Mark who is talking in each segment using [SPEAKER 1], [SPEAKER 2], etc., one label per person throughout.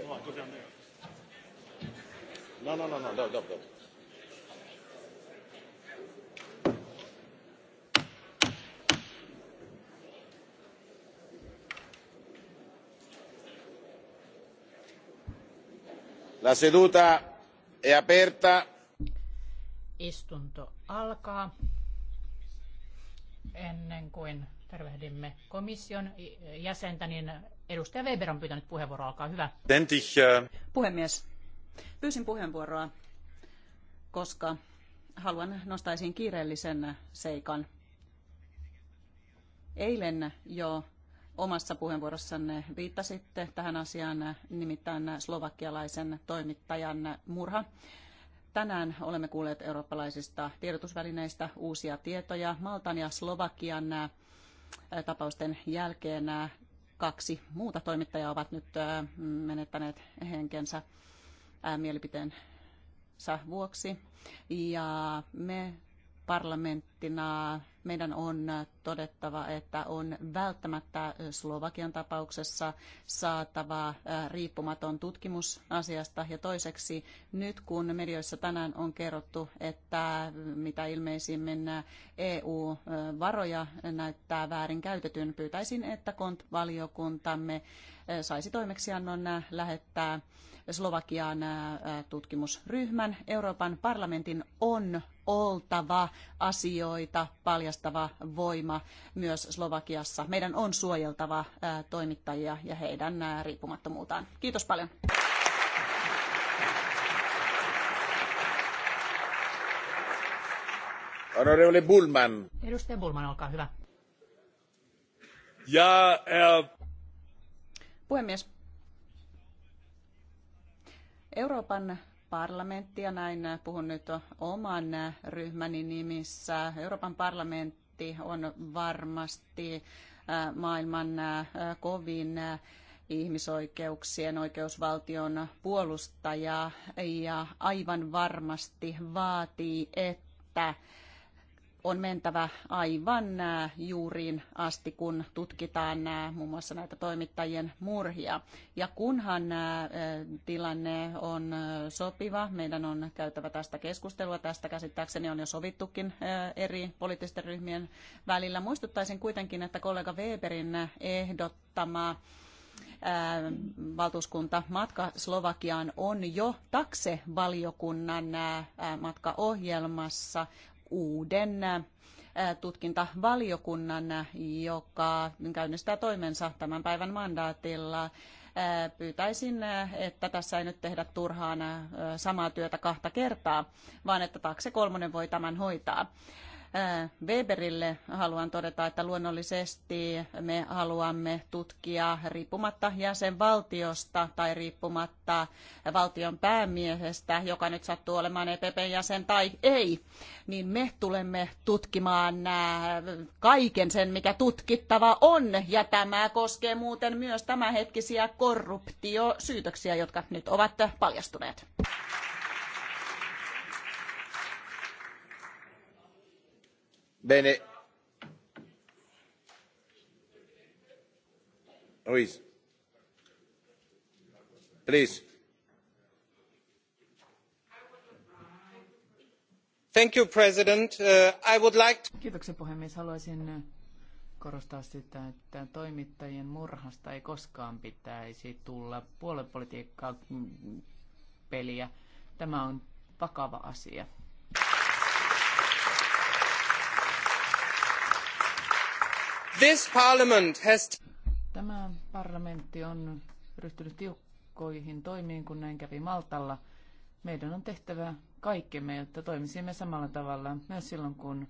[SPEAKER 1] here. No, No, no, no, La seduta è aperta.
[SPEAKER 2] Istunto alkaa ennen kuin tervehdimme komission jäsentä, niin edustaja Weber on pyytänyt puheenvuoroa. Olkaa hyvä.
[SPEAKER 1] Äh, Puhemies, pyysin puheenvuoroa, koska haluan nostaa esiin kiireellisen seikan. Eilen jo omassa puheenvuorossanne viittasitte tähän asiaan, nimittäin slovakialaisen toimittajan murha. Tänään olemme kuulleet eurooppalaisista tiedotusvälineistä uusia tietoja. Maltan ja Slovakian tapausten jälkeen kaksi muuta toimittajaa ovat nyt menettäneet henkensä mielipiteen vuoksi. Ja me parlamenttina meidän on todettava, että on välttämättä Slovakian tapauksessa saatava riippumaton tutkimus asiasta. Ja toiseksi, nyt kun medioissa tänään on kerrottu, että mitä ilmeisimmin EU-varoja näyttää väärin käytetyn, pyytäisin, että KONT-valiokuntamme saisi toimeksiannon lähettää Slovakian tutkimusryhmän. Euroopan parlamentin on oltava asioita paljastava voima myös Slovakiassa. Meidän on suojeltava toimittajia ja heidän riippumattomuutaan. Kiitos paljon.
[SPEAKER 3] Honorable Bullman.
[SPEAKER 2] Edustaja Bullman, olkaa hyvä.
[SPEAKER 1] Ja, äh... Puhemies, Euroopan parlamentti, ja näin puhun nyt oman ryhmäni nimissä, Euroopan parlamentti on varmasti äh, maailman äh, kovin äh, ihmisoikeuksien, oikeusvaltion puolustaja ja aivan varmasti vaatii, että on mentävä aivan juuriin asti, kun tutkitaan muun mm. muassa näitä toimittajien murhia. Ja kunhan tilanne on sopiva, meidän on käytävä tästä keskustelua. Tästä käsittääkseni on jo sovittukin eri poliittisten ryhmien välillä. Muistuttaisin kuitenkin, että kollega Weberin ehdottama valtuuskunta matka Slovakiaan on jo taksevaliokunnan valiokunnan matkaohjelmassa uuden tutkintavaliokunnan, joka käynnistää toimensa tämän päivän mandaatilla. Pyytäisin, että tässä ei nyt tehdä turhaan samaa työtä kahta kertaa, vaan että taakse kolmonen voi tämän hoitaa. Äh, Weberille haluan todeta, että luonnollisesti me haluamme tutkia riippumatta jäsenvaltiosta tai riippumatta valtion päämiehestä, joka nyt sattuu olemaan EPPn jäsen tai ei, niin me tulemme tutkimaan äh, kaiken sen, mikä tutkittava on. Ja tämä koskee muuten myös tämänhetkisiä korruptiosyytöksiä, jotka nyt ovat paljastuneet.
[SPEAKER 3] Bene. Ruiz. Please. Thank you, President. Uh, I would like to... Kiitoksia puhemies. Haluaisin uh, korostaa sitä, että toimittajien murhasta ei koskaan pitäisi tulla puoluepolitiikkaa mm, peliä. Tämä on vakava asia. This parliament has... Tämä parlamentti on ryhtynyt tiukkoihin toimiin, kun näin kävi Maltalla. Meidän on tehtävä kaikkemme, jotta toimisimme samalla tavalla myös silloin, kun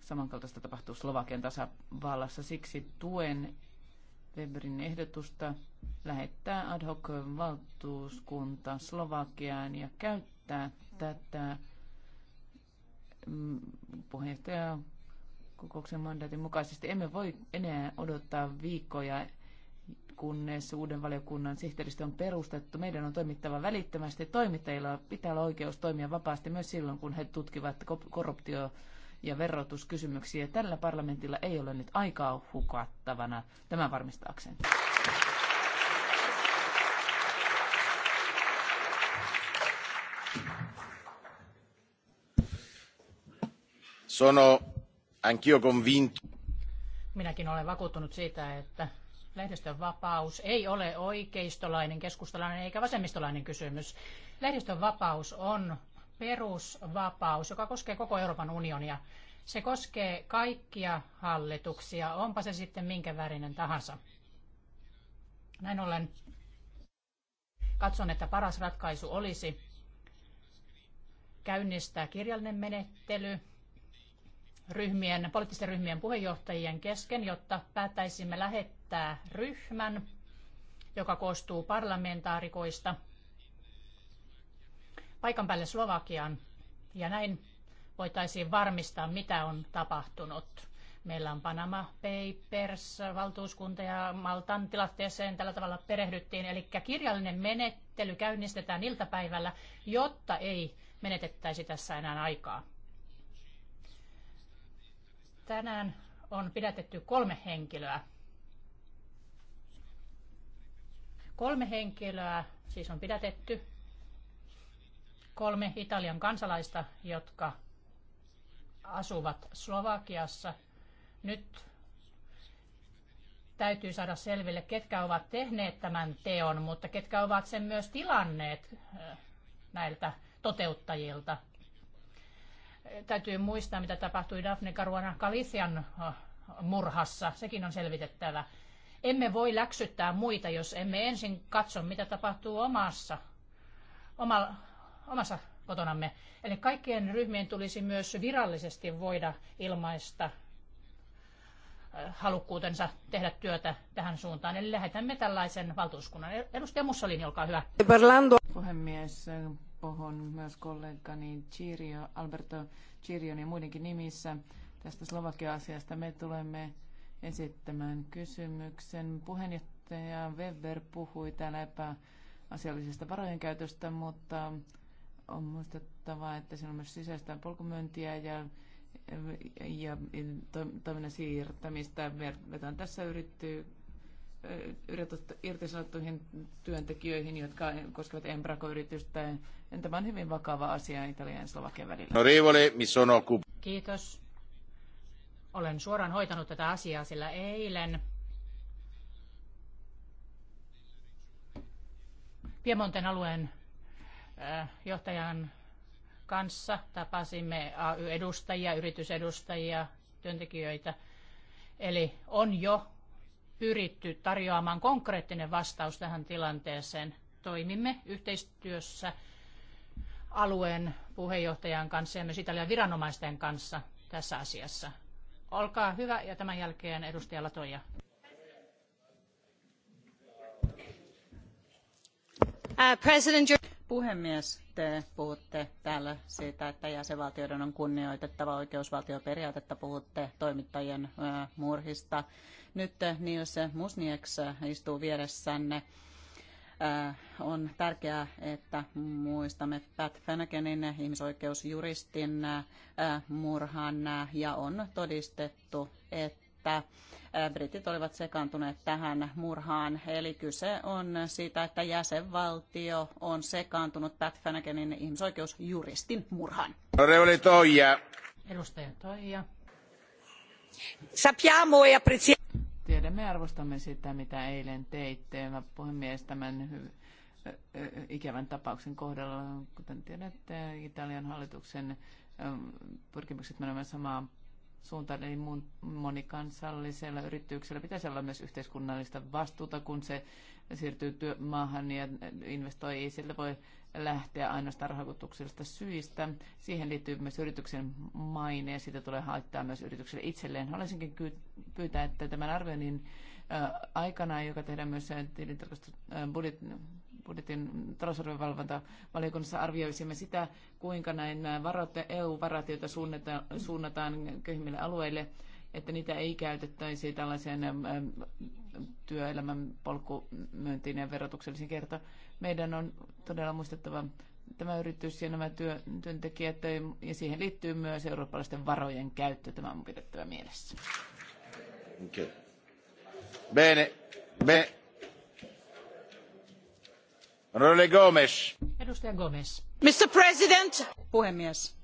[SPEAKER 3] samankaltaista tapahtuu Slovakian tasavallassa. Siksi tuen Weberin ehdotusta lähettää ad hoc valtuuskunta Slovakiaan ja käyttää tätä mm, puheenjohtaja kokouksen mandaatin mukaisesti. Emme voi enää odottaa viikkoja, kunnes uuden valiokunnan sihteeristö on perustettu. Meidän on toimittava välittömästi. Toimittajilla pitää olla oikeus toimia vapaasti myös silloin, kun he tutkivat korruptio- ja verotuskysymyksiä. Tällä parlamentilla ei ole nyt aikaa hukattavana tämän varmistaakseen. Sono Anch'io convinto.
[SPEAKER 2] Minäkin olen vakuuttunut siitä, että lehdistön vapaus ei ole oikeistolainen, keskustalainen eikä vasemmistolainen kysymys. Lehdistön vapaus on perusvapaus, joka koskee koko Euroopan unionia. Se koskee kaikkia hallituksia, onpa se sitten minkä värinen tahansa. Näin ollen katson, että paras ratkaisu olisi käynnistää kirjallinen menettely ryhmien, poliittisten ryhmien puheenjohtajien kesken, jotta päättäisimme lähettää ryhmän, joka koostuu parlamentaarikoista paikan päälle Slovakiaan. Ja näin voitaisiin varmistaa, mitä on tapahtunut. Meillä on Panama Papers, valtuuskunta ja Maltan tilanteeseen tällä tavalla perehdyttiin. Eli kirjallinen menettely käynnistetään iltapäivällä, jotta ei menetettäisi tässä enää aikaa. Tänään on pidätetty kolme henkilöä. Kolme henkilöä siis on pidätetty. Kolme Italian kansalaista, jotka asuvat Slovakiassa. Nyt täytyy saada selville, ketkä ovat tehneet tämän teon, mutta ketkä ovat sen myös tilanneet eh, näiltä toteuttajilta. Täytyy muistaa, mitä tapahtui Daphne Caruana Galician äh, murhassa. Sekin on selvitettävä. Emme voi läksyttää muita, jos emme ensin katso, mitä tapahtuu omassa, oma, omassa kotonamme. Eli kaikkien ryhmien tulisi myös virallisesti voida ilmaista äh, halukkuutensa tehdä työtä tähän suuntaan. Eli lähetämme tällaisen valtuuskunnan. Edustaja Mussolini, olkaa hyvä.
[SPEAKER 3] Puhemies, Espohon myös kollegani Chirio, Alberto Chirion ja muidenkin nimissä tästä Slovakia-asiasta. Me tulemme esittämään kysymyksen. Puheenjohtaja Weber puhui täällä epäasiallisesta varojen käytöstä, mutta on muistettava, että siinä on myös sisäistä polkumyöntiä ja, ja, toiminnan siirtämistä. Vetän tässä yrittyy irtisanottuihin työntekijöihin, jotka koskevat Embraco-yritystä. Tämä on hyvin vakava asia Italian ja Slovakian välillä.
[SPEAKER 2] Kiitos. Olen suoraan hoitanut tätä asiaa, sillä eilen Piemonten alueen johtajan kanssa tapasimme AY-edustajia, yritysedustajia, työntekijöitä. Eli on jo pyritty tarjoamaan konkreettinen vastaus tähän tilanteeseen. Toimimme yhteistyössä alueen puheenjohtajan kanssa ja myös Italian viranomaisten kanssa tässä asiassa. Olkaa hyvä ja tämän jälkeen edustaja
[SPEAKER 1] Latoja. Uh, president puhemies, te puhutte täällä siitä, että jäsenvaltioiden on kunnioitettava oikeusvaltioperiaatetta, puhutte toimittajien murhista. Nyt Nils Musnieks istuu vieressänne. On tärkeää, että muistamme Pat Fenekenin ihmisoikeusjuristin murhan ja on todistettu, että britit olivat sekaantuneet tähän murhaan. Eli kyse on siitä, että jäsenvaltio on sekaantunut Pat Fanaganin ihmisoikeusjuristin murhaan. Toija. Edustaja Toija. Sappiamo e apprezziamo.
[SPEAKER 3] Tiedämme arvostamme sitä, mitä eilen teitte. Mä puhemies tämän ikävän tapauksen kohdalla, kuten tiedätte, Italian hallituksen pyrkimykset menemään samaan suuntaan, eli monikansallisella yrityksellä pitäisi olla myös yhteiskunnallista vastuuta, kun se siirtyy työmaahan ja investoi. Ei sillä voi lähteä ainoastaan rahoituksellisista syistä. Siihen liittyy myös yrityksen maine ja siitä tulee haittaa myös yritykselle itselleen. Haluaisinkin pyytää, että tämän arvioinnin aikana, joka tehdään myös tilintarkastus, budjetin budjetin talousarvion arvioisimme sitä, kuinka näin varoitte EU-varat, joita suunnataan köyhimmille alueille, että niitä ei käytettäisi tällaiseen ähm, työelämän polkumyöntiin ja verotuksellisiin kertaan. Meidän on todella muistettava tämä yritys ja nämä työ, työntekijät, ja siihen liittyy myös eurooppalaisten varojen käyttö. Tämä on pidettävä mielessä. Okay.
[SPEAKER 1] Bene. Bene arvoisa Gomes. Gomes. Puhemies.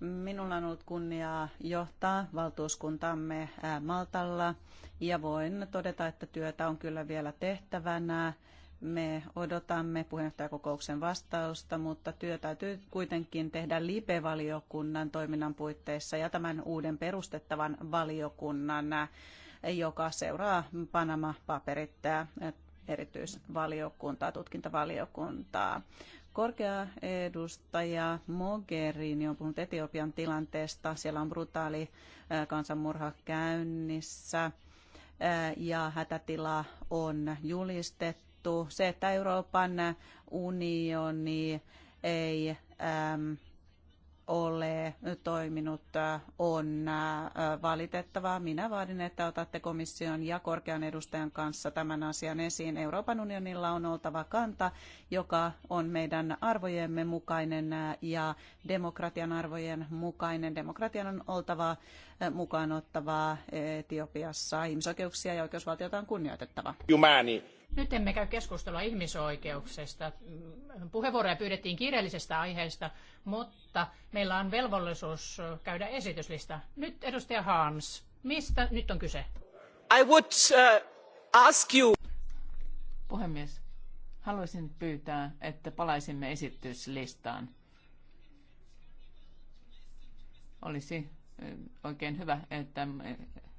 [SPEAKER 1] Minulla on ollut kunnia johtaa valtuuskuntaamme Maltalla ja voin todeta, että työtä on kyllä vielä tehtävänä. Me odotamme puheenjohtajakokouksen vastausta, mutta työ täytyy kuitenkin tehdä libe valiokunnan toiminnan puitteissa ja tämän uuden perustettavan valiokunnan, joka seuraa Panama-paperit erityisvaliokuntaa, tutkintavaliokuntaa. Korkea edustaja Mogherini on puhunut Etiopian tilanteesta. Siellä on brutaali kansanmurha käynnissä ja hätätila on julistettu. Se, että Euroopan unioni ei ole toiminut, on äh, valitettavaa. Minä vaadin, että otatte komission ja korkean edustajan kanssa tämän asian esiin. Euroopan unionilla on oltava kanta, joka on meidän arvojemme mukainen äh, ja demokratian arvojen mukainen. Demokratian on oltava äh, mukaan ottavaa Etiopiassa. Ihmisoikeuksia ja oikeusvaltiota on kunnioitettava. Nyt emme käy keskustelua
[SPEAKER 2] ihmisoikeuksista. Puheenvuoroja pyydettiin kiireellisestä aiheesta, mutta meillä on velvollisuus käydä esityslista. Nyt edustaja Hans, mistä nyt on kyse?
[SPEAKER 3] I would uh, ask you... Puhemies, haluaisin pyytää, että palaisimme esityslistaan. Olisi oikein hyvä, että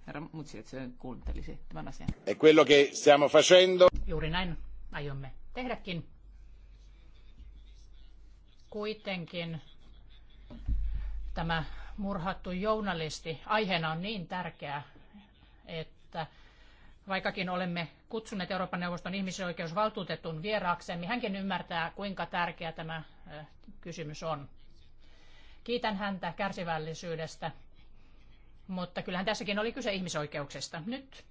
[SPEAKER 3] herra Mutsiets kuuntelisi tämän asian. E quello che stiamo facendo.
[SPEAKER 2] Juuri näin aiomme tehdäkin. Kuitenkin tämä murhattu journalisti aiheena on niin tärkeä, että vaikkakin olemme kutsuneet Euroopan neuvoston ihmisoikeusvaltuutetun vieraaksemme, niin hänkin ymmärtää, kuinka tärkeä tämä kysymys on. Kiitän häntä kärsivällisyydestä mutta kyllähän tässäkin oli kyse ihmisoikeuksista. Nyt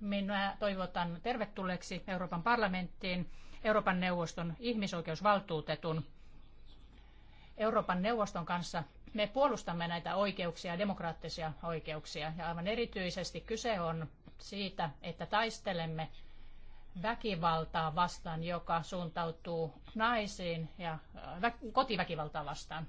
[SPEAKER 2] minä toivotan tervetulleeksi Euroopan parlamenttiin Euroopan neuvoston ihmisoikeusvaltuutetun. Euroopan neuvoston kanssa me puolustamme näitä oikeuksia, demokraattisia oikeuksia. Ja aivan erityisesti kyse on siitä, että taistelemme väkivaltaa vastaan, joka suuntautuu naisiin ja kotiväkivaltaa vastaan.